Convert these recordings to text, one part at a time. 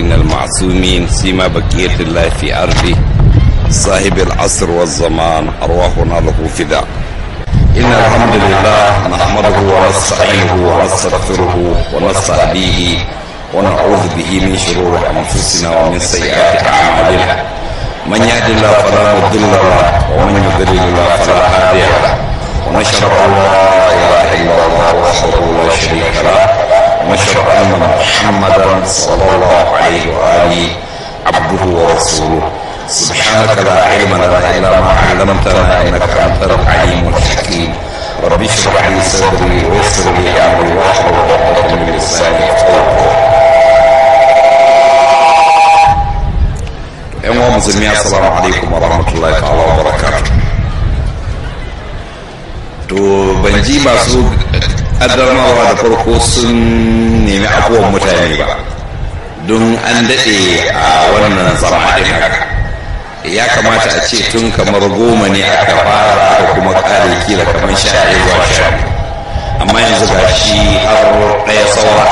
المعصورين المعصومين سيما بقية الله في أرضه صاحب العصر والزمان أرواحنا له فداء إن الحمد لله نحمده ونستعينه ونستغفره ونستهديه ونعوذ به من شرور أنفسنا ومن سيئات أعمالنا من يهد الله فلا مضل له ومن يضلل الله فلا هادي له ونشهد أن لا إله إلا الله وحده لا شريك له ونشهد أن محمدا صلى الله عليه وآله عبده ورسوله سبحانك لا علم لنا إلا ما علمتنا إنك أنت العليم الحكيم رب اشرح لي صدري ويسر لي أمري واحلل عقدة من لساني يوم مسلمين السلام عليكم ورحمة الله تعالى وبركاته تو بنجي ji ƙaddamarwa da farko sun nemi abuwan mutane ba don an daɗe a wannan zama haka ya kamata a ce tun kamar goma ne aka fara aka kuma ƙare kila kamar sha ɗaya zuwa sha amma yanzu ga shi har ɗaya saura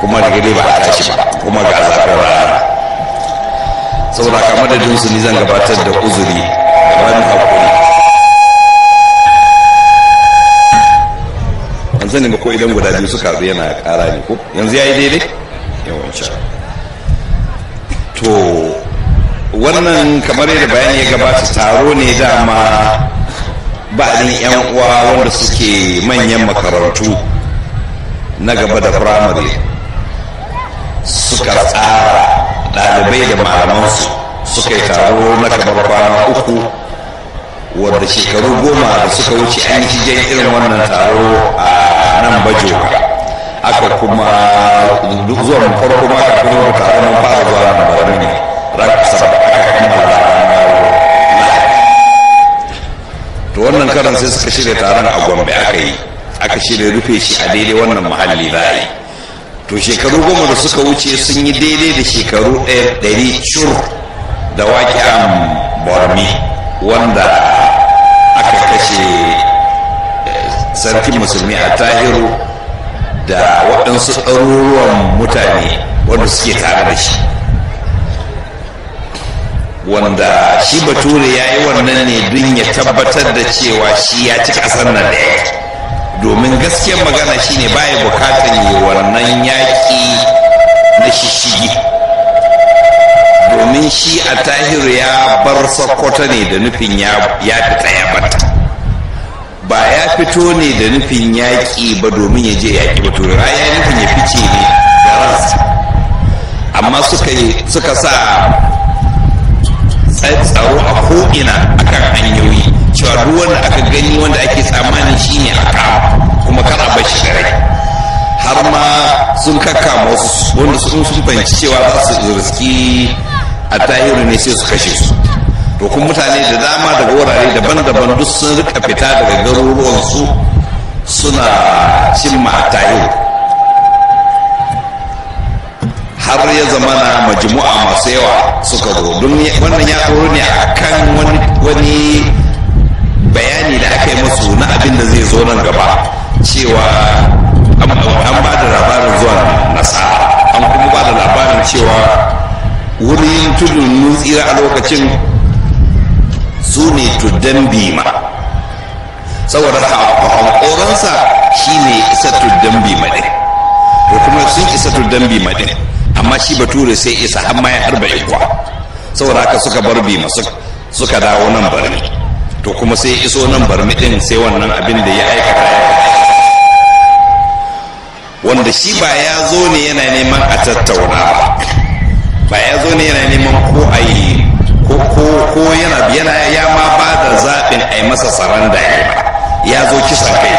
kuma da gari ba a tashi ba kuma ga zafin rana saboda kamar da jinsu ni zan gabatar da uzuri da ban haƙuri zani sani ko idan guda biyu suka yana kara ne ko yanzu ya yi daidai yawanci to wannan kamar yadda bayani ya gabata taro ne dama ba ba'adin 'yan uwa wanda suke manyan makarantu na gaba da firamare suka tsara ɗalibai da malamansu suka yi taro na kamar kwana uku wadda shekaru goma da suka wuce an yi irin wannan taro a a nan bajoga aka kuma zuwa farko ma a wani a fara zuwa nan bari ne ran aka kammala to wannan karan sai suka shirya taron a gombe aka yi aka shirya rufe shi a daidai wannan muhalli bayi to shekaru goma da suka wuce sun yi daidai da shekaru ɗaya ɗari cur da waƙi bormi wanda sarkin musulmi a tahiru da waɗansu ɗaruruwan mutane wanda suke tare da shi wanda shi bature ya yi wannan ne don ya tabbatar da cewa shi ya ci ƙasar nan da domin gaskiyar magana shi shine baya bukatar yi wannan yaƙi na shishigi domin shi a tahiru ya bar sokoto ne da nufin ya fita ya bata ba ya fito ne da nufin yaƙi ba domin ya je yaƙi ba turai ya nufin ya fice ne da ransa amma suka sa tsaro a ko'ina a kan hanyoyi cewa ruwan da aka gani wanda ake tsammanin shine a kuma ba bashi da rai har ma sun kakka wasu wanda sun fahimci cewa za su riski a tahiru ne sai su kashe su to kun mutane da dama daga wurare daban-daban duk sun rika fita daga garuruwansu suna cin ma'atayo har ya zama na majmu'a masu yawa suka zo don wannan ya tsoro ne a kan wani bayani da aka yi masu na abin da zai zo nan gaba cewa an ba da labarin zuwa nasara an kuma ba da labarin cewa wurin tudun nutsira a lokacin su ne tuddan bima saboda haka hankoronsa shi ne isa tuddan bima ɗin to kuma sun isa tuddan bima ɗin amma shi bature sai isa har ma ya harba saboda haka suka bar bima suka dawo nan barni to kuma sai iso nan barni ɗin sai wannan abin da ya aikata ya wanda shi ba ya zo ne yana neman a tattauna ba ba ya zo ne yana neman ko a yi ko yana yana ya ma ba da zaɓin a yi masa da ya ya zo kisan kai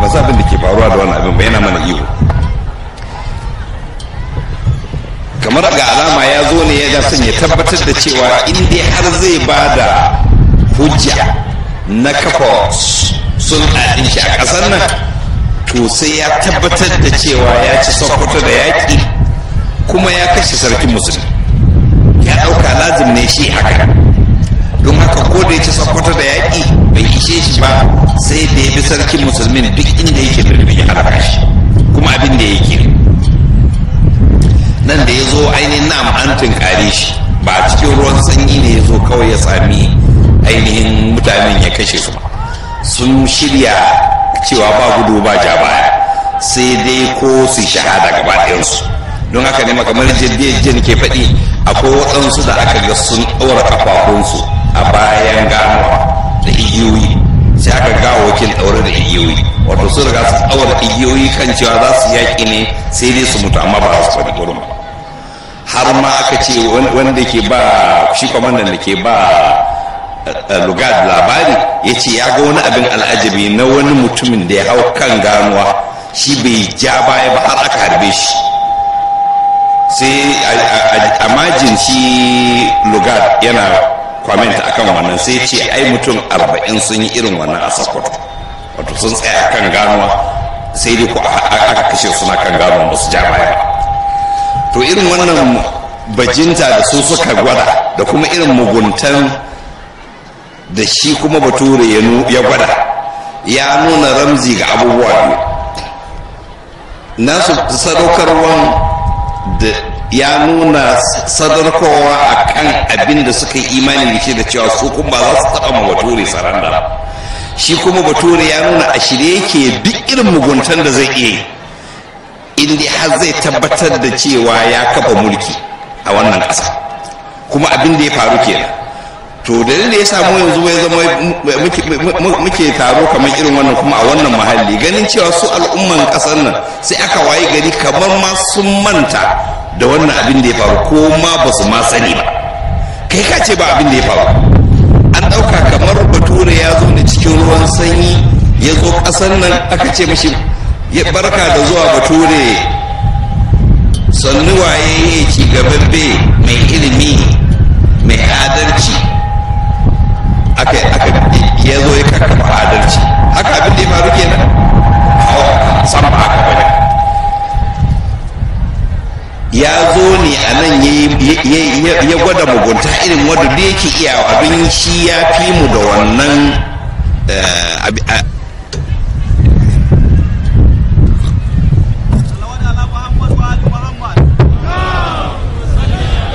ba zaɓin da ke faruwa da wani abin ba yana mana iyo kamar ga alama ya zo ne ya son ya tabbatar da cewa in dai har zai ba da hujja na kafa sun adin shi a ƙasar nan to sai ya tabbatar da cewa ya ci sokoto da yaƙi kuma ya kashe sarkin musulmi ya ɗauka lazim ne shi haka don haka ko da ya ci da yaƙi bai ishe shi ba sai da ya bi sarkin musulmin duk inda yake birnin ya halaka shi kuma abin da ya yake nan da ya zo ainihin namu an tunkare shi ba a cikin ruwan sanyi ne ya zo kawai ya sami ainihin mutanen ya kashe su sun shirya cewa ba gudu ba ja sai dai ko su shahada gaba ɗayansu don haka ne kamar jirgin ke faɗi akwai waɗansu da aka ga sun ɗora kafafunsu a bayan ganuwa da igiyoyi sai aka ga wakil ɗaure da igiyoyi wato sun riga su ɗaura igiyoyi kan cewa za su yaƙi ne sai dai su mutu amma ba su faɗi gurin har ma aka ce wanda ke ba shi kwamandan da ke ba eh, lugad labari ya ce ya ga wani abin al'ajabi na wani mutumin da ya hau kan ganuwa shi bai ja baya ba har aka harbe shi sai a majin shi lugar yana comment akan wannan sai ce ai mutum arba'in sun yi irin wannan a sakwato wato sun tsaya kan ganuwa sai dai ku aka kashe suna kan ganuwa ba su ja baya to irin wannan bajinta da su suka gwada da kuma irin muguntan da shi kuma bature ya gwada ya nuna ramzi ga abubuwa biyu nasu sadaukarwan da ya nuna sadarkowa a kan abin da suka yi imanin da ke da cewa su kuma ba za su taɓa ma bature saranda shi kuma bature ya nuna a shirye yake duk irin muguntan da zai iya yi inda har zai tabbatar da cewa ya kafa mulki a wannan ƙasa kuma abin da ya faru kenan to dalilin da ya samu yanzu ya zama muke taro kamar irin wannan kuma a wannan mahalli ganin cewa su al'umman kasar nan sai aka waye gari kamar ma sun manta da wannan abin da ya faru ko ma ba su ma sani ba kai ka ce ba abin da ya faru an ɗauka kamar bature ya zo ne cikin ruwan sanyi ya zo ƙasar nan aka ce mashi ya barka da zuwa bature sannu waye ya ci gababbe mai ilimi mai adalci aka aka ya zo ya kakkama adalci haka abin da ya faru kenan hawa sama aka bane ya zo ne a nan ya gwada mugunta irin wadda da yake iya abin shi ya fi mu da wannan eh,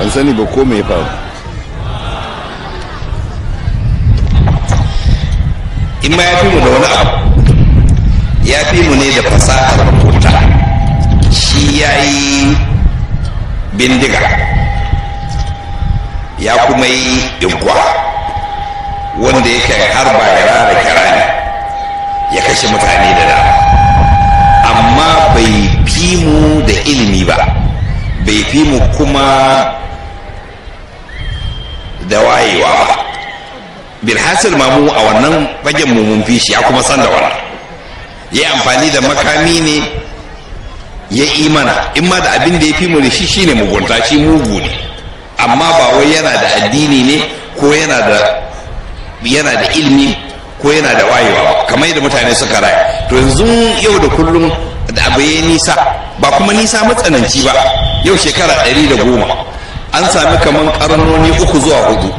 an sani ba ko mai faru in ma ya fi mu da wani abu ya fi mu ne da fasahar rubuta shi ya yi bindiga ya kuma yi igwa wanda yake harba ya rara ne ya kashe mutane da dama amma bai fi mu da ilimi ba bai fi mu kuma da wayewa ba bilhassar ma a wannan fagen mu mun fi shi ya kuma san da wannan ya amfani da makami ne ya imana in ma da abin da ya fi mu da shi shine mugunta shi mugu ne amma ba wai yana da addini ne ko yana da yana ilimi ko yana da wayewa kamar yadda mutane suka raya to yanzu yau da kullum da abu ya nisa ba kuma nisa matsananci ba yau shekara ɗari da goma an sami kamar karnoni uku zuwa hudu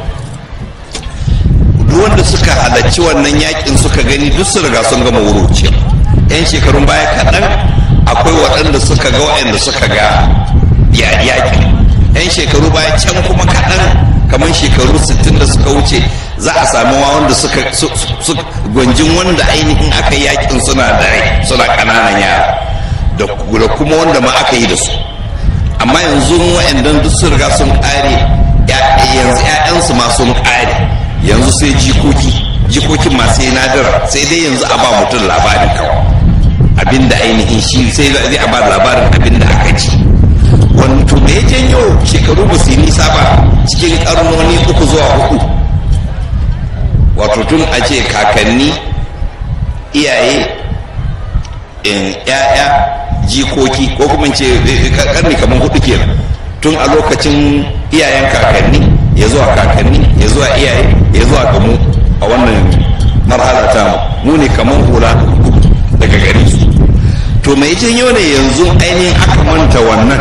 wanda suka halarci wannan yakin suka gani duk su riga sun gama wuroce yan shekarun baya kaɗan akwai waɗanda suka ga waɗanda suka ga yakin yan shekaru baya can kuma kaɗan kamar shekaru 60 da suka wuce za a samu wanda suka gwanjin wanda ainihin aka yakin suna da suna ƙananan yara da kuma wanda ma aka yi da su amma yanzu waɗannan duk sun riga sun ƙare yanzu 'ya'yansu ma sun ƙare yanzu sai jikoki jikokin ma sai nadir sai dai yanzu a ba mutum labari kawai abinda ainihin shi sai zai a ba labarin abinda aka ji wani to da ya janyo shekaru ba su nisa ba cikin karnoni uku zuwa hudu wato tun a ce kakanni iyaye in ya'ya jikoki ko kuma ce eh, eh, karni kamar hudu kenan tun a lokacin iyayen kakanni ya zuwa kakanni ya zuwa iyaye ya zuwa ga mu a wannan marhala ta mu ne kamar hula daga gari to mai janyo ne yanzu ainihin aka manta wannan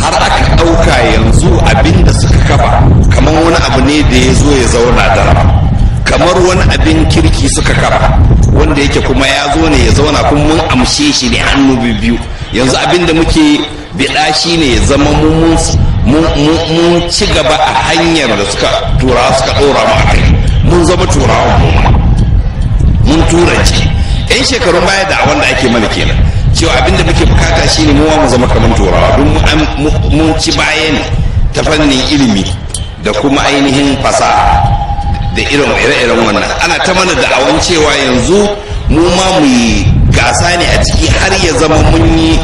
har aka ɗauka yanzu abin da suka kafa kamar wani abu ne da ya zo ya zauna da rama kamar wani abin kirki suka kafa wanda yake kuma ya zo ne ya zauna kuma mun amshe shi ne hannu biyu yanzu abin da muke biɗa shi ne zama mummunsu mu ci gaba a hanyar da suka turawa suka ɗora mu a mun zama turawa mu mun ce yan shekarun baya da wanda ake mana kenan cewa abinda muke bukata shine mu mu zama kamar turawa don mun ci bayan ta fannin ilimi da kuma ainihin fasaha da irin ire-iren wannan ana ta mana da awon cewa yanzu mu ma mu yi gasa ne a ciki har ya zama mun yi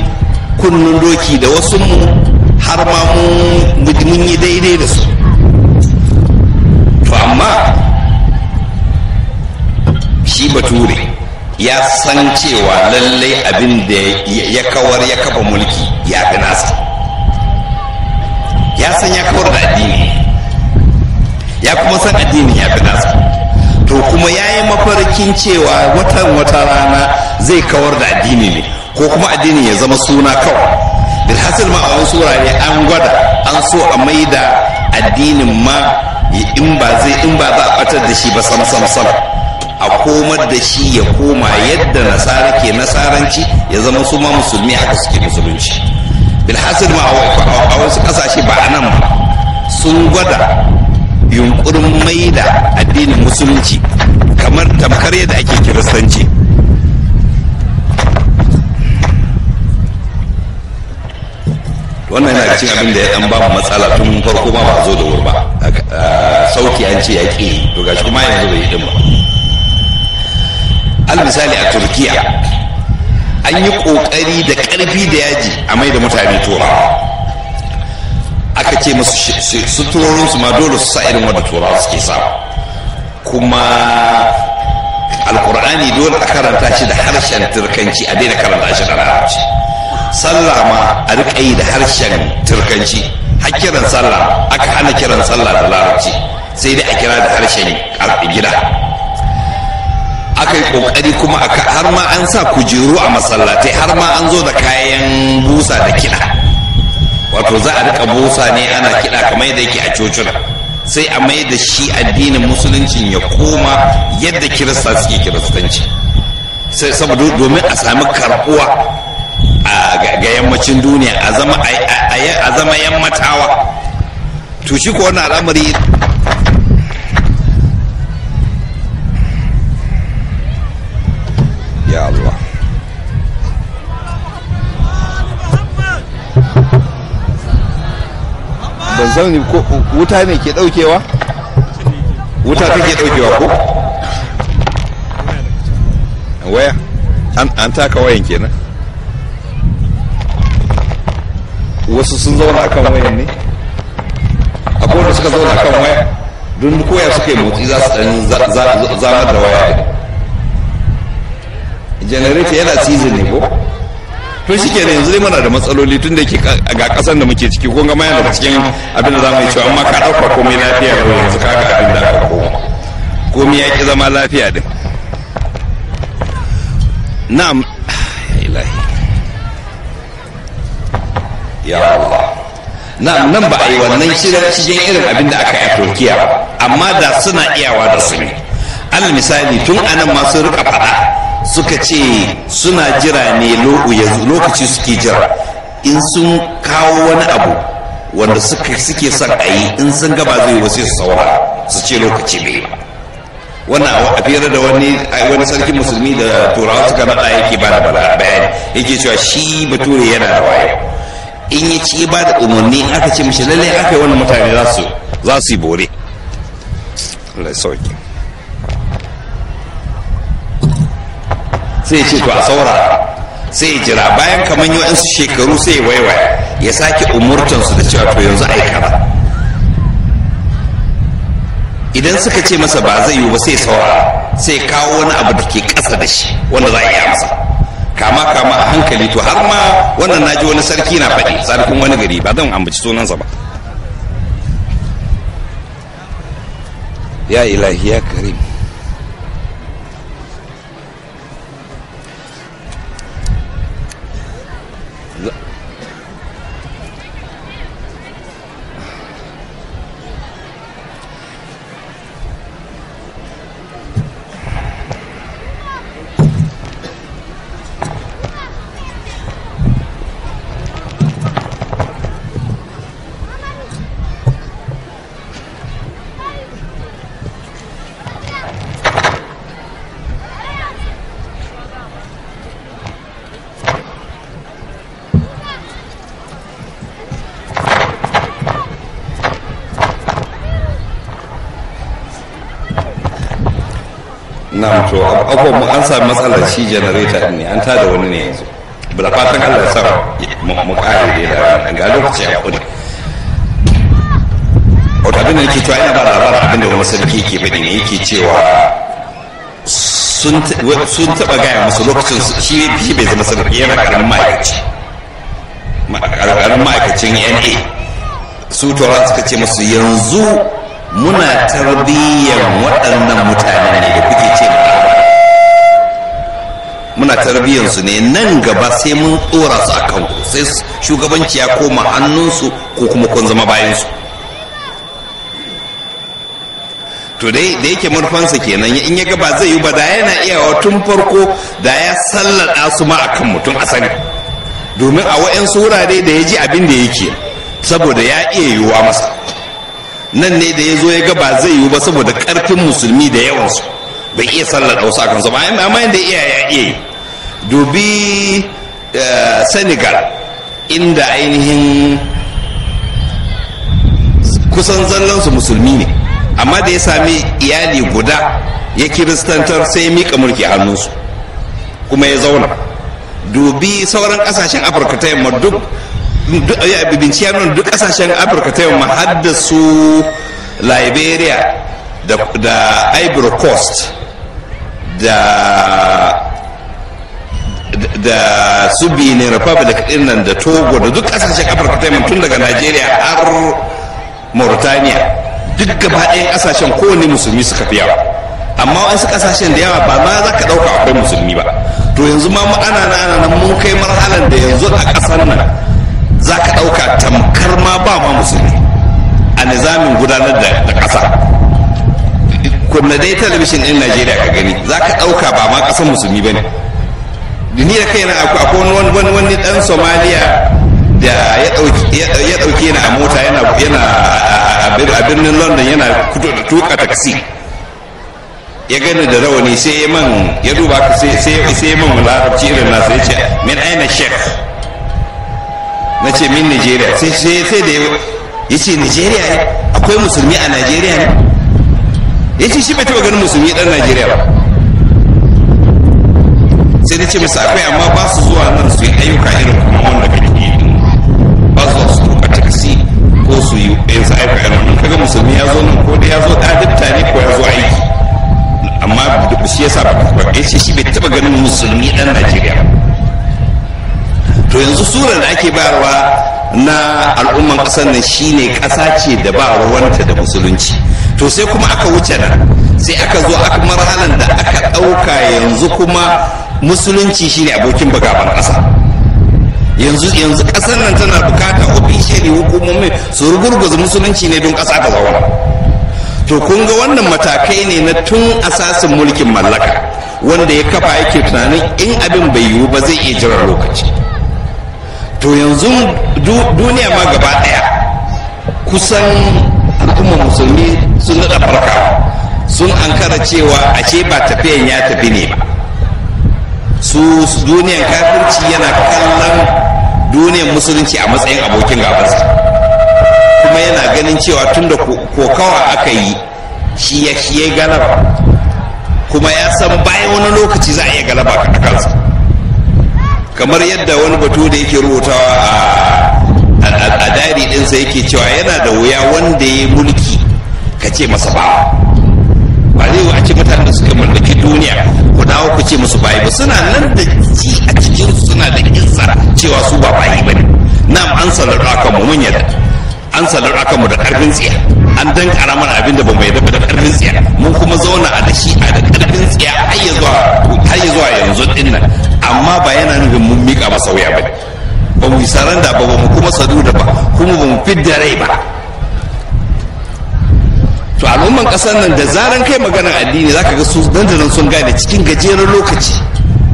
kunnun doki da wasu mu har ma mun yi daidai da su to amma shi bature ya san cewa lallai abin da ya kawar ya kafa mulki ya fi nasa ya san ya kawar da addini ya kuma san addini ya fi nasa to kuma ya yi mafarkin cewa watan wata rana zai kawar da addini ne ko kuma addini ya zama suna kawai asali ma a wasu wurare an gwada an so a maida addinin ma in ba zai za a batar da shi ba sam sam sam a komar da shi ya koma yadda nasara ke nasaranci ya zama su ma musulmi haka suke musulunci bilhassan ma a wasu kasashe ba a nan ba sun gwada yunkurin maida addinin musulunci kamar tamkar yadda ake kiristanci wannan yana cikin abin da ya ba mu matsala tun farko ba ba zo da wuri ba sauki an ce ya ƙi to gashi kuma yana bai yi ba al misali a turkiya an yi ƙoƙari da karfi da yaji a mai da mutane tura aka ce musu suturorinsu ma dole su sa irin wanda turawa suke sa kuma alkur'ani dole a karanta shi da harshen turkanci a daina karanta shi da larabci sallah ma a riƙa yi da harshen turkanci har kiran sallah aka hana kiran sallah da larabci sai dai a kira da harshen gida aka yi ƙoƙari kuma aka har ma an sa kujeru a masallatai har ma an zo da kayan busa da kiɗa wato za a riƙa busa ne ana kiɗa kamar yadda yake a cocina sai a mai da shi addinin musuluncin ya koma yadda kirista suke kiristanci sai saboda domin a sami karɓuwa ga yammacin duniya a zama yammatawa to shi ko wannan al'amari ya Allah ban sani ko wuta ne ke daukewa wuta take daukewa ko waya an taka wayan kenan wasu sun zauna akan wayan ne akwai wanda suka zauna akan waya don koya suka yi motsi za su ɗan zama da waya generator yana season ne ko to shi kenan yanzu dai muna da matsaloli tun da ke ga kasan da muke ciki ko gama yana da cikin abin da zamu yi cewa amma ka ɗauka komai lafiya ko yanzu ka ga abin da aka koma komai ya ki zama lafiya din na'am ilahi ya Allah na nan ba a yi wannan shirar cikin irin abin da aka yi a turkiya ba amma da suna iyawa da su ne al misali tun anan nan masu rika faɗa suka ce suna jira ne lokaci suke jira in sun kawo wani abu wanda suke son a yi in sun gaba zai wasu su saura su ce lokaci bai ba wannan a fiye da wani wani sarkin musulmi da turawa suka naɗa yake ba da bayani yake cewa shi bature yana da wayo in ya ci ba da umarni aka ce mishi lallai aka yi wani mutane za su yi bore Allah ya sai ce to a saurara sai ya jira bayan kamar yi su shekaru sai ya waiwaya ya sake umurtansu da cewa to yanzu a yi kaza idan suka ce masa ba zai yi ba sai saura sai kawo wani abu da ke ƙasa da shi wanda za a yi masa kama kama a hankali to har ma wannan naji wani sarki na faɗi sarkin wani gari ba zan ambaci sunansa ba ya ilahi ya karim na to abubuwan mu an sami matsalar shi janareta ne an tada wani ne yanzu bula fatan allah ya sa mu kare da ga lokaci a kudi wata abin da yake cewa yana ba labarin abin da wani sarki ke bane ne yake cewa sun taba gaya musu lokacin shi shi bai zama sarki yana karin ma'aikaci karamin ma'aikacin na su tora suka ce musu yanzu muna tarbiyyar waɗannan mutane tarbiyyarsu ne nan gaba sai mun tsora su a kan sai shugabanci ya koma hannunsu ko kuma kun zama bayansu to dai da yake murfansa kenan in ya gaba zai yi ba da yana iyawa tun farko da ya sallada su ma akan mutum a sani domin a wa'yansu wurare da ya ji abin da yake saboda ya iya yiwuwa masa nan ne da ya zo ya gaba zai yiwu ba saboda karfin musulmi da yawansu bai iya sallada wasu akan su ba amma yadda iya ya iya yi dubi eh, senegal inda ainihin kusan zallansu musulmi ne amma da ya sami iyali guda ya kiristantar sai ya miƙa mulki a hannunsu kuma ya zauna dubi sauran ƙasashen afirka ta yamma duk binciya nuna duk ƙasashen afirka ta yamma har da su liberia da ivory coast da da su benin republic din nan da togo da duk kasashen afirka ta yamma tun daga Najeriya har mauritania duk gaba ɗayan kasashen kowane musulmi suka fi yawa amma wasu kasashen da yawa ba ma za ka ɗauka akwai musulmi ba to yanzu ma ana na ana nan mun kai marhalar da yanzu a ƙasar nan za ka ɗauka tamkar ma ba ma musulmi a nizamin gudanar da ƙasa kuma dai talabishin ɗin najeriya ka gani za ka ɗauka ba ma ƙasar musulmi ba ne da ni da kaina akwai wani wani wani dan somaliya da ya dauke ni a mota yana yana a birnin london yana kuto da tuka taksi ya gani da rawani sai ya man ya duba ka sai ya man larabci irin na sai ce min aina shek na ce min nigeria sai sai da ya ce nigeria akwai musulmi a nigeria ne ya ce shi bai taɓa ganin musulmi dan nigeria ba sai dai ce musu akwai amma ba su zuwa nan su yi ayyuka irin kuma wanda kake yi ba su su tuka taksi ko su yi yanzu ayyuka irin wannan kaga musulmi ya zo nan ko da ya zo ɗadibta ne ko ya zo aiki amma shi ya saba ba ya ce shi bai taɓa ganin musulmi ɗan najeriya to yanzu surar da ake bayarwa na al'umman ƙasar nan shine ƙasa ce da ba ruwanta da musulunci to sai kuma aka wuce nan sai aka zo aka marhalan da aka ɗauka yanzu kuma musulunci shine abokin bugaban ƙasa yanzu yanzu ƙasar nan tana bukata ofishiyali hukumomi su rugurguza musulunci ne don ƙasa ta zauna to kun ga wannan matakai ne na tun asasin mulkin mallaka wanda ya kafa yake tunanin in abin bai yiwu ba zai iya jiran lokaci to yanzu duniya ma gaba ɗaya kusan al'ummar musulmi sun naɗa farka sun ankara cewa ashe ba tafiyan ya tafi ne ba su duniyan kafirci yana kallon duniyan musulunci a matsayin abokin gabansa kuma yana ganin cewa tun da kokawa aka yi shi ya shi ya galaba kuma ya san bayan wani lokaci za a iya galaba a kansa kamar yadda wani batu da yake rubutawa a a dari ɗinsa yake cewa yana da wuya wanda ya mulki kace masa ba ba zai yi a ce mutanen da suka mallaki duniya ku dawo ku ce musu bayi ba suna nan da ji a cikin suna da izza cewa su ba bayi ba ne na an salar akan mu mun yadda an salar akan mu da karfin tsiya an dan karamar abin da ba mu da karfin tsiya mun kuma zauna a dashi a da karfin tsiya har ya zuwa yanzu din nan amma ba yana nufin mun mika masa wuya ba ne ba mu yi da ba ba mu kuma saduda ba kuma ba mu fidda rai ba to al'umman kasar nan da zaran kai maganar addini ka ga su nan da nan sun gane cikin gajeren lokaci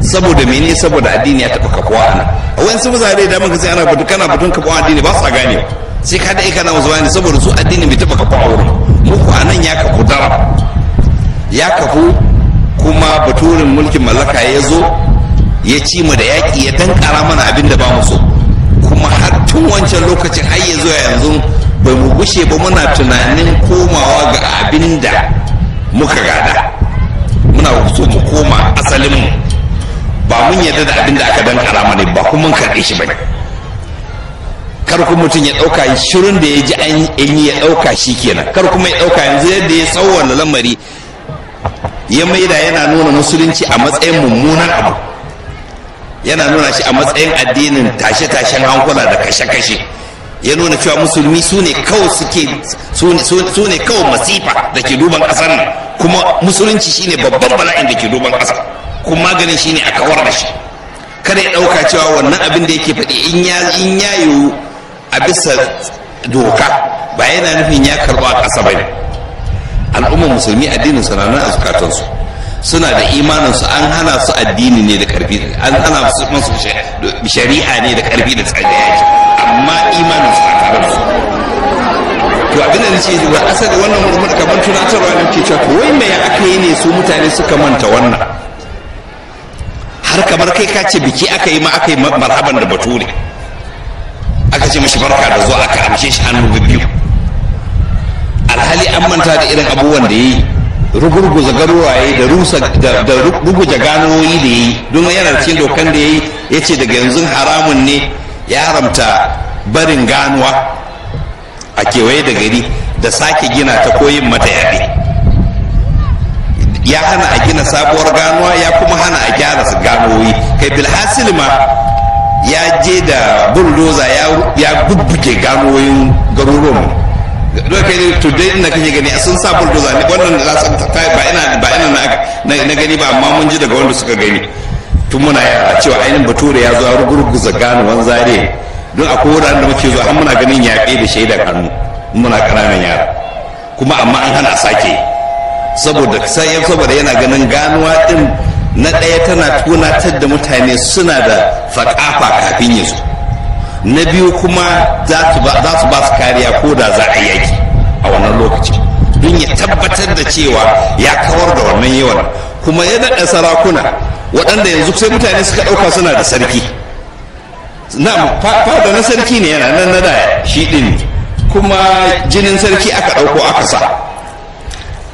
saboda mene saboda addini ya taɓa kafuwa a nan a wayansu mutane da maka sai ana batun kana batun kafuwa addini ba sa gane sai ka dai kana wasu bayani saboda su addini bai taɓa kafuwa wurin muku a nan ya kafu dara ya kafu kuma baturin mulkin mallaka ya zo ya ci mu da yaƙi ya tankara mana abin da ba mu so kuma har tun wancan lokacin har ya zuwa yanzu bai mu gushe ba muna tunanin komawa ga abin da muka gada muna so mu koma asalinmu ba mun yarda da abin da aka karama ne ba kuma mun karɓe shi ba kar kuma mutum ya ɗauka shirin da ya ji an yi ya ɗauka shi kenan kar kuma ya ɗauka yanzu yadda ya tsawon lamari ya maida yana nuna musulunci a matsayin mummunan abu yana nuna shi a matsayin addinin tashe-tashen hankula da kashe-kashe ya nuna cewa musulmi su ne kawai suke su ne kawai masifa da ke duban ƙasar nan kuma musulunci shine babban bala'in da ke duban ƙasar kuma maganin shine a kawar da shi kada ya ɗauka cewa wannan abin da yake faɗi in ya in ya yiwu a bisa doka ba yana nufin ya karɓa a ƙasa ba ne al'ummar musulmi addinin su na a zukatansu suna da imaninsu an hana su addini ne da karfi an hana su musu shari'a ne da karfi da tsada yaki amma imanin su a tare su to abin da nace ba da wannan murmur kamar tunatarwa ne ke cewa wai me aka yi ne su mutane suka manta wannan har kamar kai ka ce biki aka yi ma aka yi marhaban da bature aka ce mashi barka da zuwa aka amshe shi hannu biyu alhali an manta da irin abubuwan da ya yi rugurguza garuwaye da rusa da ruguja ganoyi da yi domin yana cikin dokan da yayi yace daga yanzu haramun ne ya haramta barin ganuwa a kewaye da gari da sake gina ta koyin mata yaɗe ya hana a gina sabuwar ganuwa ya kuma hana a gyara su ganoyi kai bilhassil ma ya je da bulldozer ya bubbuke ganoyin garuruwan doka ne to dai inda kake gani sun sa bulldozer ne wannan da za su ba ina ba ina na gani ba amma mun ji daga wanda suka gani tun muna yara cewa ainihin bature ya zo rugurguza ganuwan zare don akwai wuraren da muke zuwa an muna ganin yaƙe da shaidar hannu muna ƙananan yara kuma amma an hana sake saboda sayan saboda yana ganin ganuwa din na ɗaya tana tunatar da mutane suna da faƙafa kafin ya zo na biyu kuma za su ba su kariya ko da za a yaki a wannan lokacin don ya tabbatar da cewa ya kawar da wannan yawan kuma ya naɗa sarakuna waɗanda yanzu sai mutane suka ɗauka suna da sarki na fada na sarki ne yana nan na da shi ɗin kuma jinin sarki aka ɗauko aka sa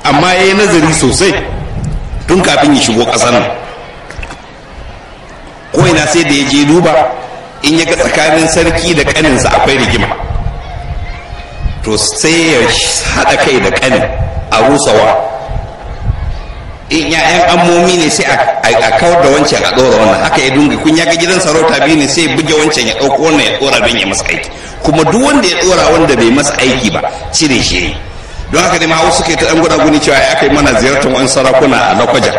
amma ya yi nazari sosai tun kafin ya shigo ƙasar nan ko ina sai da ya je duba in ya ga tsakanin sarki da kaninsa akwai rigima to sai ya haɗa kai da kanin a rusawa in ya'yan amomi ne sai a kawar da wancan a ɗora wannan haka ya dunga kun ya ga gidan sarauta biyu ne sai buge wancan ya ɗauko wannan ya ɗora don ya masa aiki kuma duk wanda ya ɗora wanda bai masa aiki ba cire shi don haka ne ma wasu ke ta ɗan guda guni cewa ya aka yi mana ziyartar wani sarakuna a lakwaja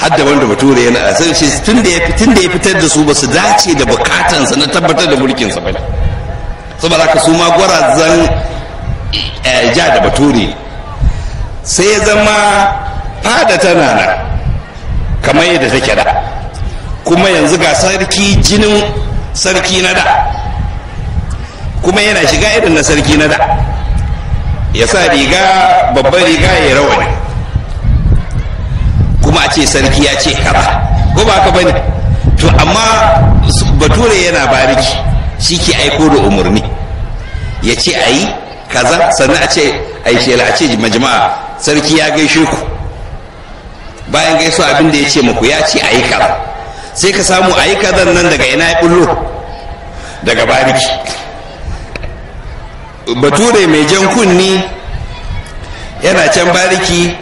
hadda wanda bature yana a ce tun da ya fitar da su ba su dace da bukatansa na tabbatar da mulkin sa ba saboda haka su ma gwarazan eh, ja da bature sai ya zama fada tana nan kamar yadda take da kuma yanzu ga sarki jinin sarki na da kuma yana shiga irin na sarki na da ya sa riga babban riga ya rawa ne kuma a ce sarki ya ce kaza ko ba ka bane to amma bature yana bariki shi ke aiko da umarni ya ce a yi kaza sannan a ce a yi shela a ce majama'a sarki ya gaishe ku bayan gaiso abin da ya ce muku ya ce a yi kaza sai ka samu a yi kaza nan daga ina ya bullo daga bariki bature mai jan kunni yana can bariki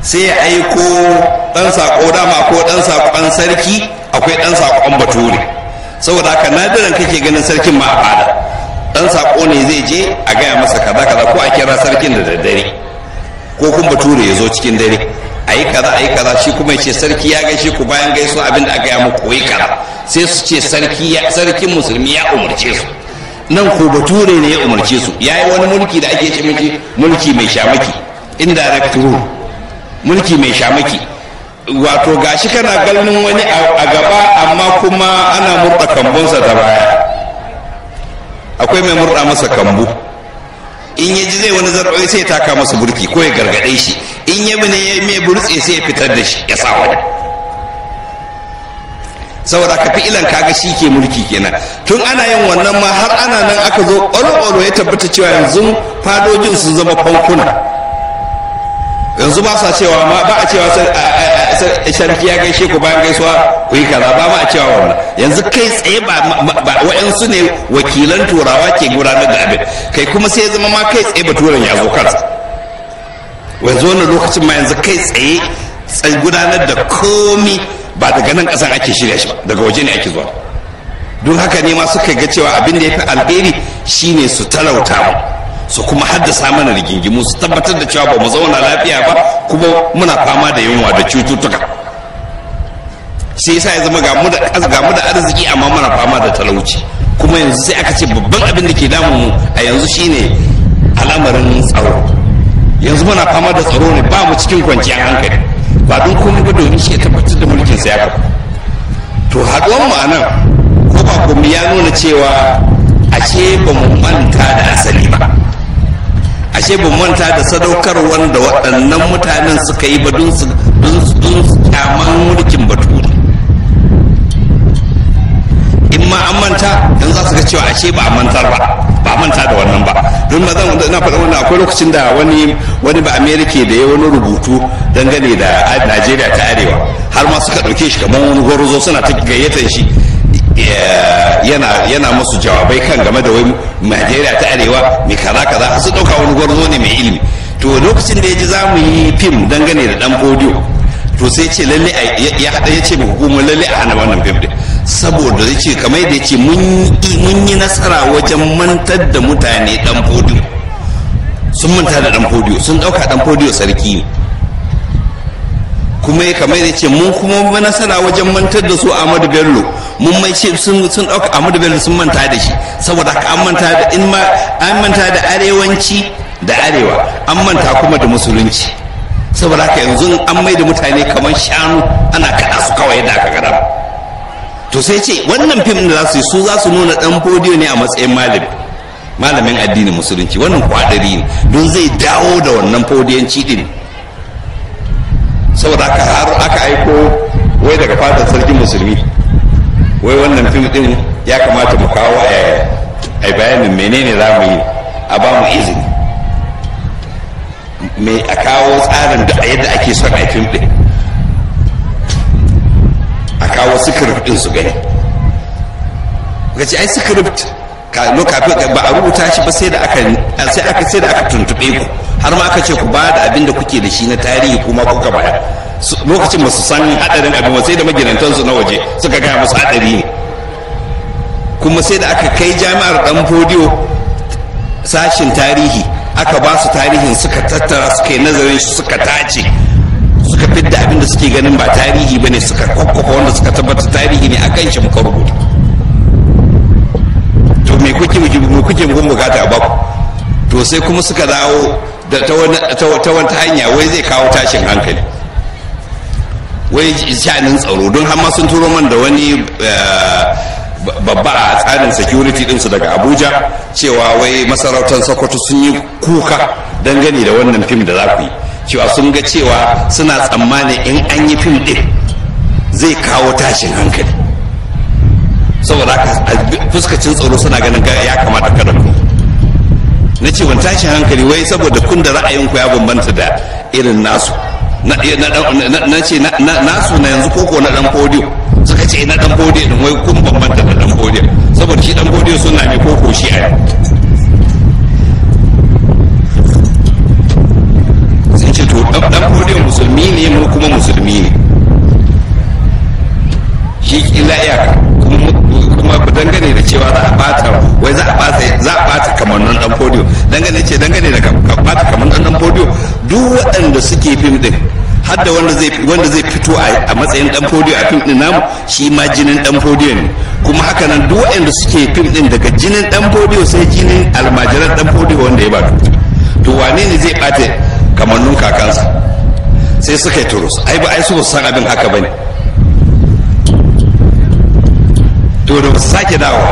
sai ya aiko dan sako dama ko dan an sarki akwai dan an bature saboda haka nadiran kake ganin sarkin ma a fada dan sako ne zai je a gaya masa kaza kaza ko a kira sarkin da daddare ko kuma bature ya zo cikin dare a yi kaza a yi kaza shi kuma ce sarki ya gaishe ku bayan gaisu abin da aka yi muku yi kaza sai su ce sarkin musulmi ya umarce su nan ko bature ne ya umarce su ya yi wani mulki da ake ce mulki mai shamaki indirect rule mulki mai shamaki wato gashi kana ganin wani a gaba amma kuma ana murɗa kambunsa ta baya akwai mai murɗa masa kambu in ya ji zai wani zarɓai sai ya taka masa burki ko ya gargade shi in ya bi ne ya mai burtse sai ya fitar da shi ya sa wani saboda ka ilan kaga shi ke mulki kenan tun ana yin wannan ma har ana nan aka zo ƙwalƙwalo ya tabbata cewa yanzu fadojin sun zama fankuna yanzu ba sa cewa ma ba a cewa sarki ya gaishe ku bayan gaisuwa ku yi kaza ba ma a cewa wannan yanzu kai tsaye ba wa'yansu ne wakilan turawa ke gudanar da abin kai kuma sai ya zama ma kai tsaye baturen ya zo kansa yanzu wannan lokacin ma yanzu kai tsaye gudanar da komi ba daga nan kasan ake shirya shi ba daga waje ne ake zuwa don haka ne ma suka ga cewa abin da ya fi alheri shine su talauta mu su kuma haddasa mana rigingimu su tabbatar da cewa ba mu zauna lafiya ba kuma muna fama da yunwa da cututtuka sai yasa ya zama ga mu da arziki amma muna fama da talauci kuma yanzu sai aka ce babban abin da ke damun mu a yanzu shine al'amarin tsaro yanzu muna fama da tsaro ne ba mu cikin kwanciyar hankali ba don komai ba domin shi ya tabbatar da mulkin sa ya kafa to haɗuwar mu a nan ko ba komai ya nuna cewa ashe ba mu manta da asali ba ashe ban manta da sadaukarwar da waɗannan mutanen suka yi ba don su su kyaman mulkin ne in ma an manta dan za su ga cewa ashe ba a mantar ba ba manta da wannan ba don ba zan na faɗa wannan akwai lokacin da wani wani ba amerika da ya wani rubutu dangane da najeriya ta arewa har ma suka ɗauke shi kamar wani gwarzo suna ta gayyatar shi yana musu jawabai kan game da wai najeriya ta arewa mai kaza kaza su ɗauka wani gwarzo ne mai ilimi to lokacin da ya ji za mu yi fim dangane da dan odiyo to sai ce lalle ya hada ya ce hukumar lalle a hana wannan fim din saboda ya ce kamar da ya ce mun yi nasara wajen mantar da mutane dan fodiyo sun manta da dan fodiyo sun dauka dan fodiyo sarki ne kuma kama kamar ya ce mun kuma nasara wajen mantar da su Ahmadu Bello mun mai ce sun sun dauka Ahmadu sun manta da shi saboda haka an manta da in ma an manta da arewanci da arewa an manta kuma da musulunci saboda haka yanzu an mai da mutane kamar shanu ana kada su kawai da aka gada to sai ce wannan fim da za su yi su za su nuna dan bodiyo ne a matsayin malami malamin addinin musulunci wannan kwadari ne don zai dawo da wannan fodiyanci din saboda haka har aka aiko wai daga fatan sarkin musulmi wai wannan fim din ya kamata mu kawo a bayanin menene za mu yi a ba mu izini mai a kawo tsarin da yadda ake son a fim din a kawo script din su gani ga ci ai script kafin ba a rubuta shi ba sai da aka sai aka sai da aka tuntube ku har ma aka ce ku ba da abin da kuke da shi na tarihi kuma kuka bayar lokacin ba su san hadarin abin sai da magidantansu na waje suka gaya musu hadari ne kuma sai da aka kai jami'ar dan fodiyo sashin tarihi aka ba su tarihin suka tattara suka yi nazarin suka tace suka fidda abin da suke ganin ba tarihi ba ne suka kwakwakwa wanda suka tabbata tarihi ne akan shi muka rubuta to me kuke mu kuke mu bukata ba to sai kuma suka dawo da ta wani ta wata hanya wai zai kawo tashin hankali wai sha'anin tsaro don har ma sun turo man da wani eh, babba a tsarin security su daga abuja cewa wai masarautar sokoto sun yi kuka dangane da wannan fim da za ku yi cewa sun ga cewa suna tsammanin in an yi fim ɗin zai kawo tashin hankali saboda haka fuskacin tsaro suna ganin ya kamata kada ku na ce tashin hankali wai saboda kun da ra'ayinku ya bambanta da irin nasu Eh, na ce na su na yanzu koko na dan fodiyo suka ce eh, na dan fodiyo din wai kun bambanta da dan podium saboda shi dan podium suna ne koko shi a yau fim din hadda wanda zai wanda zai fito a matsayin dan fodiyo a fim din namu shi ma jinin dan fodiyo ne kuma haka nan duk waɗanda suke fim din daga jinin dan fodiyo sai jinin almajiran dan fodiyo wanda ya ba to wane ne zai bata kamannin kakansa sai suka yi turus ai ba ai su ba san abin haka bane to da su sake dawo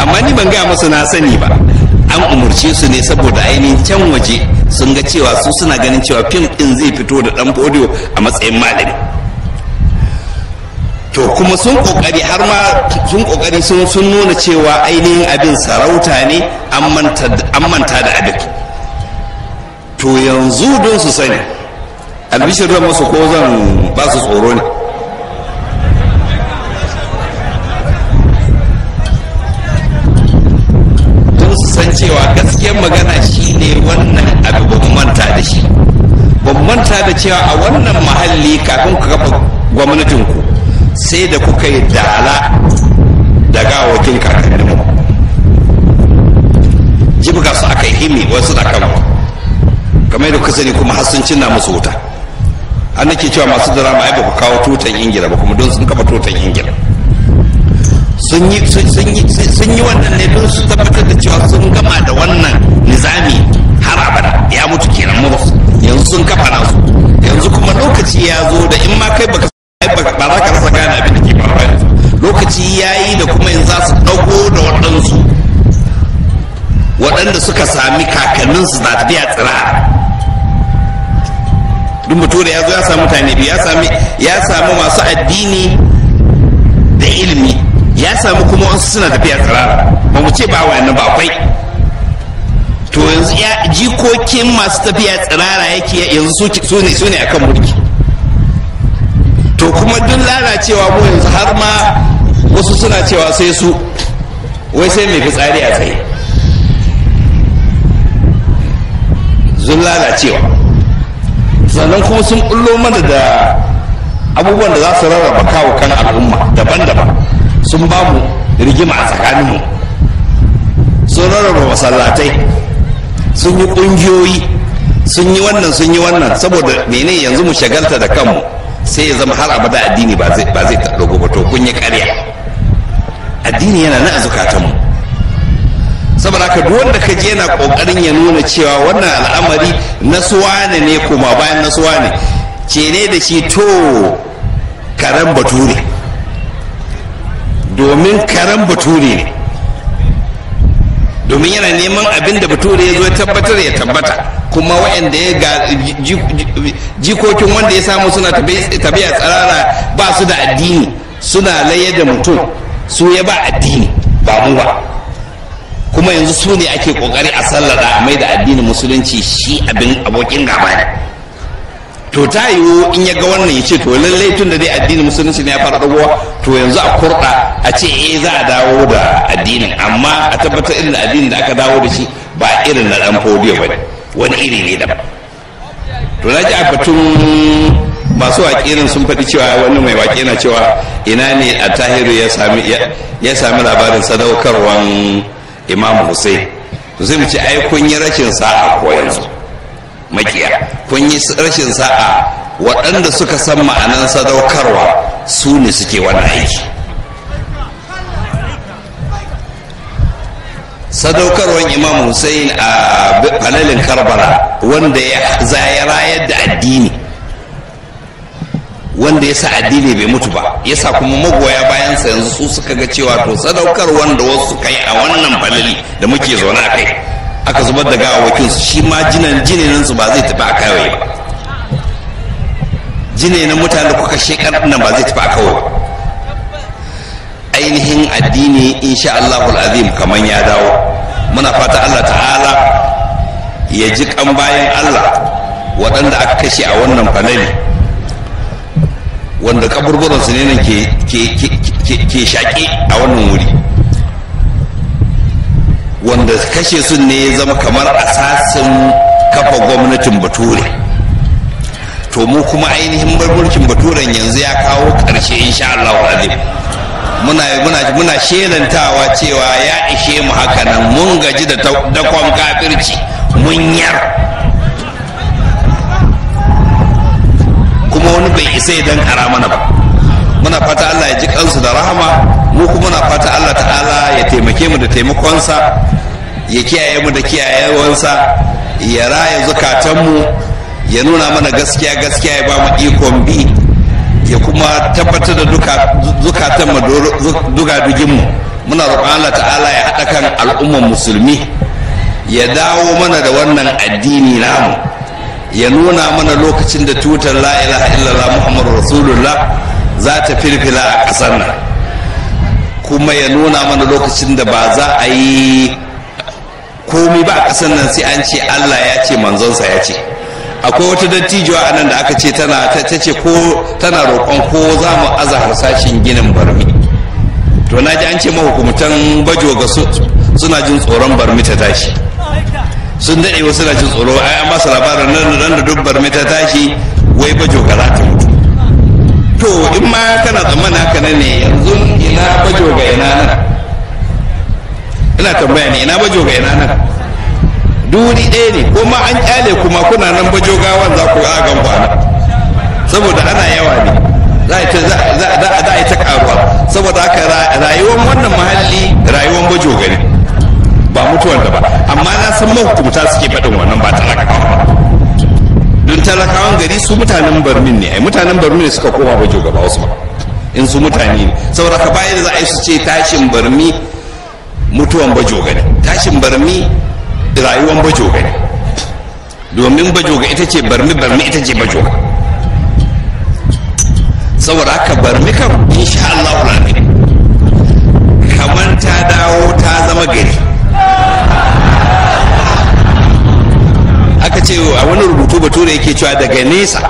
amma ni ban ga masu na sani ba an umurce su ne saboda ainihin can waje sun ga cewa su suna ganin cewa fim din zai fito da dan podio a matsayin malami to kuma sun kokari har ma sun kokari sun sun nuna cewa ainihin abin sarauta ne an manta da abin to yanzu don su sani albishir zan masu ko zan ba su tsoro ne san cewa gaskiyar magana shi ne wannan abu ba manta da shi ba manta da cewa a wannan mahalli kafin ku kafa gwamnatinku sai da kuka yi dala da gawakin kakanninmu jibga su aka himi wasu da kama kamar da kusa ne kuma har na musu wuta an nake cewa masu drama ai ba ku kawo tutan ingila ba kuma don sun kafa tutan ingila sun yi wannan ne don su tabbatar da cewa sun gama da wannan nizami har abada ya mutu kenan mu yanzu sun kafa nasu yanzu kuma lokaci ya zo da in ma kai baka ba za ka rasa gane abin da ke faruwa lokaci ya yi da kuma yanzu za su ɗago da waɗansu waɗanda suka sami kakanninsu na tafiya tsira duk bature ya zo ya sami mutane biyu ya sami masu addini da ilimi ya samu kuma wasu suna tafiya tsirara ba mu ce ba wayannan ba kwai to yanzu ya jikokin masu tafiya tsirara yake yanzu su ne su ne akan mulki to kuma duk lalacewa mu yanzu har ma wasu suna cewa sai su wai sai mai fitsari a tsaye zun lalacewa sannan kuma sun ɓullo mana da abubuwan da za su rarraba kawo kan al'umma daban-daban sun ba mu rigima a tsakaninmu sun rarraba masallatai sun yi ƙungiyoyi sun yi wannan sun yi wannan saboda mene yanzu mu shagalta da kanmu sai ya zama har abada addini ba zai taɗo ba to kun yi ƙarya addini yana nan a zukatanmu saboda haka duk wanda ka je yana kokarin ya nuna cewa wannan al'amari na suwane ne kuma bayan na ne ce ne da shi to karen bature domin karen bature ne domin yana neman abin da bature ya zo tabbatar ya tabbata kuma waɗanda ya ga jikokin wanda ya samu suna tabiya tsarara ba su da addini suna laye da mutum su ya ba addini ba mu ba kuma yanzu su ne ake kokari a sallada a mai da addinin musulunci shi abin abokin gaba ne to ta yiwu in ya ga wannan ya ce to lallai tun da dai addinin musulunci ne ya fara dagowa to yanzu a kurɗa a ce e za a dawo da addinin amma a tabbatar irin addinin da aka dawo da shi ba irin na dan fodiyo ba wani iri ne da to na ji a batun masu waƙirin sun faɗi cewa wani mai waƙi yana cewa ina ne a tahiru ya sami labarin sadaukarwan imam hussein to sai mu ce ai kun yi rashin sa'a ko yanzu makiya kun yi rashin sa'a waɗanda suka san ma'anan sadaukarwa su ne suke wannan aiki sadaukarwar imam hussein a falalin karbala wanda ya zaya da addini wanda ya sa addini bai mutu ba ya sa kuma magoya bayansa yanzu su suka ga cewa to sadaukar wanda wasu kai a wannan falali da muke zaune a kai aka zubar da gawa su shi ma jinan su ba zai tafi a kawai ba jine na mutane da kuka shekar nan ba zai tafi a kawai ba ainihin addini insha Allahul azim kamar ya dawo muna fata Allah ta'ala ya ji kan bayan Allah waɗanda aka kashe a wannan fanali wanda kaburburansu ne nan ke shaƙe a wannan wuri wanda kashe sun ne ya zama kamar asasin kafa gwamnatin bature to mu kuma ainihin barburkin baturen yanzu ya kawo ƙarshe insha Allah azim muna muna muna shelantawa cewa ya ishe mu haka nan mun gaji da dakon kafirci mun yar kuma wani bai isa idan kara mana ba muna fata Allah ya ji kansu da rahama mu kuma muna fata Allah ta'ala ya taimake mu da taimakonsa ya kiyaye mu da kiyayewansa ya raya zukatanmu ya nuna mana gaskiya gaskiya ya ba mu ikon bi ya kuma tabbatar da zukatan mu muna roƙon Allah ta'ala ya haɗa kan al'ummar musulmi ya dawo mana da wannan addini namu ya nuna mana lokacin da tutar la ilaha illallah muhammadu rasulullah za ta firfila a ƙasar nan kuma ya nuna mana lokacin da ba za a yi komi ba a ƙasar nan sai an ce allah ya ce manzonsa ya ce akwai wata dattijuwa a nan da aka ce tana ta ce ko tana roƙon ko za mu aza harsashin ginin barmi to na ji an ce mahukumtan bajo ga suna jin tsoron barmi ta tashi sun daɗe wasu suna jin tsoro ai an basu labarin nan da da duk barmi ta tashi wai bajo ga za ta mutu to in ma kana tsammani haka ne yanzu ina bajo ga ina nan ina tambaya ne ina bajo ga ina nan duri ɗaya ne kuma an ƙyale kuma kuna nan bajo gawan za ku a gan kwana saboda ana yawa ne za a yi ta karuwa saboda haka rayuwar wannan mahalli rayuwar bajo gari ba mutuwan da ba amma na san mahukumta suke faɗin wannan ba talakawa ba don talakawan gari su mutanen barmin ne ai mutanen barmin suka koma bajo gaba wasu ba in su mutane ne saboda ka bayan za a yi su ce tashin barmi mutuwan bajo gari tashin barmi rayuwan bajoga ne domin bajoga ita ce barmi barmi ita ce bajoga saboda haka barmi kan insha Allah ulami kamar ta dawo ta zama gari aka ce a wani rubutu bature yake cewa daga nesa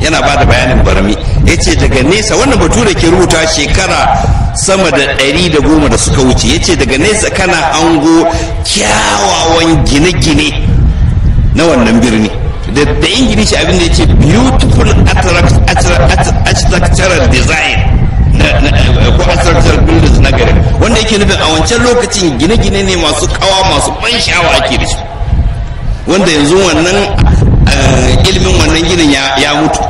yana ba da bayanin barmi ya ce daga nesa wannan bature ke rubuta shekara sama da ɗari da goma da suka wuce ya ce daga nesa kana ango kyawawan gine-gine na wannan birni da ingilishi abin da ya ce beautiful architectural design eh, ko architectural buildings na gari wanda yake nufin a wancan lokacin gine-gine ne masu kawa masu ban sha'awa ake da shi. wanda yanzu wannan eh, ilimin wannan ginin ya mutu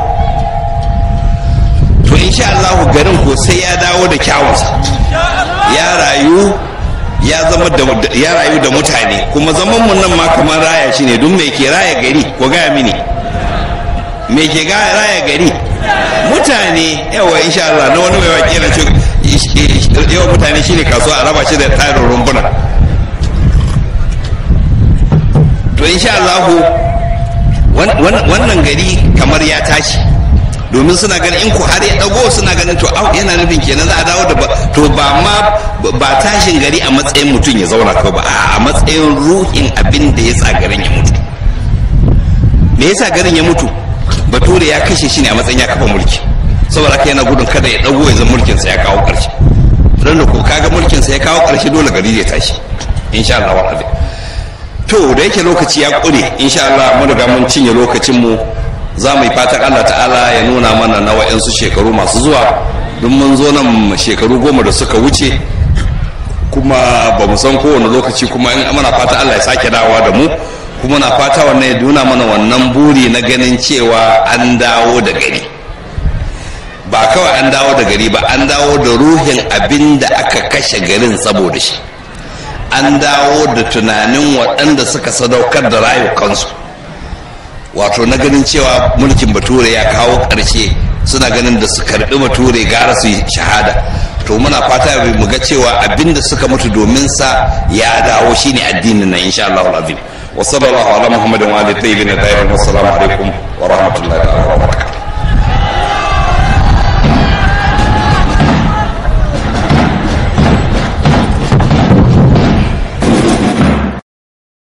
insha Allah garin ko sai ya dawo da kyawunsa ya rayu ya zama da ya rayu da mutane kuma zaman mu nan ma kamar raya shi ne don me ke raya gari ko gaya mini me ke raya gari mutane yawa insha Allah na wani mai waƙe na yawa mutane shi ne kasuwa a raba shi da tsarin rumbuna to insha Allah wannan gari kamar ya tashi domin suna ganin in ku har ya dago suna ganin to au yana nufin kenan za a dawo da to ba ma ba tashin gari a matsayin mutum ya zauna kawai ba a matsayin ruhin abin da ya sa garin ya mutu me yasa garin ya mutu bature ya kashe shi ne a matsayin ya kafa mulki saboda haka yana gudun kada ya dago ya zama mulkin sa ya kawo karshe ran da ko kaga mulkin sa ya kawo karshe dole gari zai tashi insha Allah wa'ala to da yake lokaci ya kure insha Allah mun riga mun cinye lokacin mu za mu yi fatan allah ta'ala ya nuna mana na wa'yansu shekaru masu zuwa don mun zo nan shekaru goma da suka wuce kuma ba mu san kowane lokaci kuma in amana fata allah ya sake dawowa da mu kuma na fata wannan ya nuna mana wannan buri na ganin cewa an dawo da gari ba kawai an dawo da gari ba an dawo da ruhin abin da aka kashe garin saboda shi an dawo da tunanin waɗanda suka sadaukar da rayukansu wato na ganin cewa mulkin bature ya kawo ƙarshe suna ganin da su karɓi bature gara su shahada to muna fata mu ga cewa abinda suka mutu domin sa ya dawo shine addinin na insha Allah azim wa sallallahu ala muhammadin wa alihi tayyibin tayyibin assalamu alaikum wa rahmatullahi wa barakatuh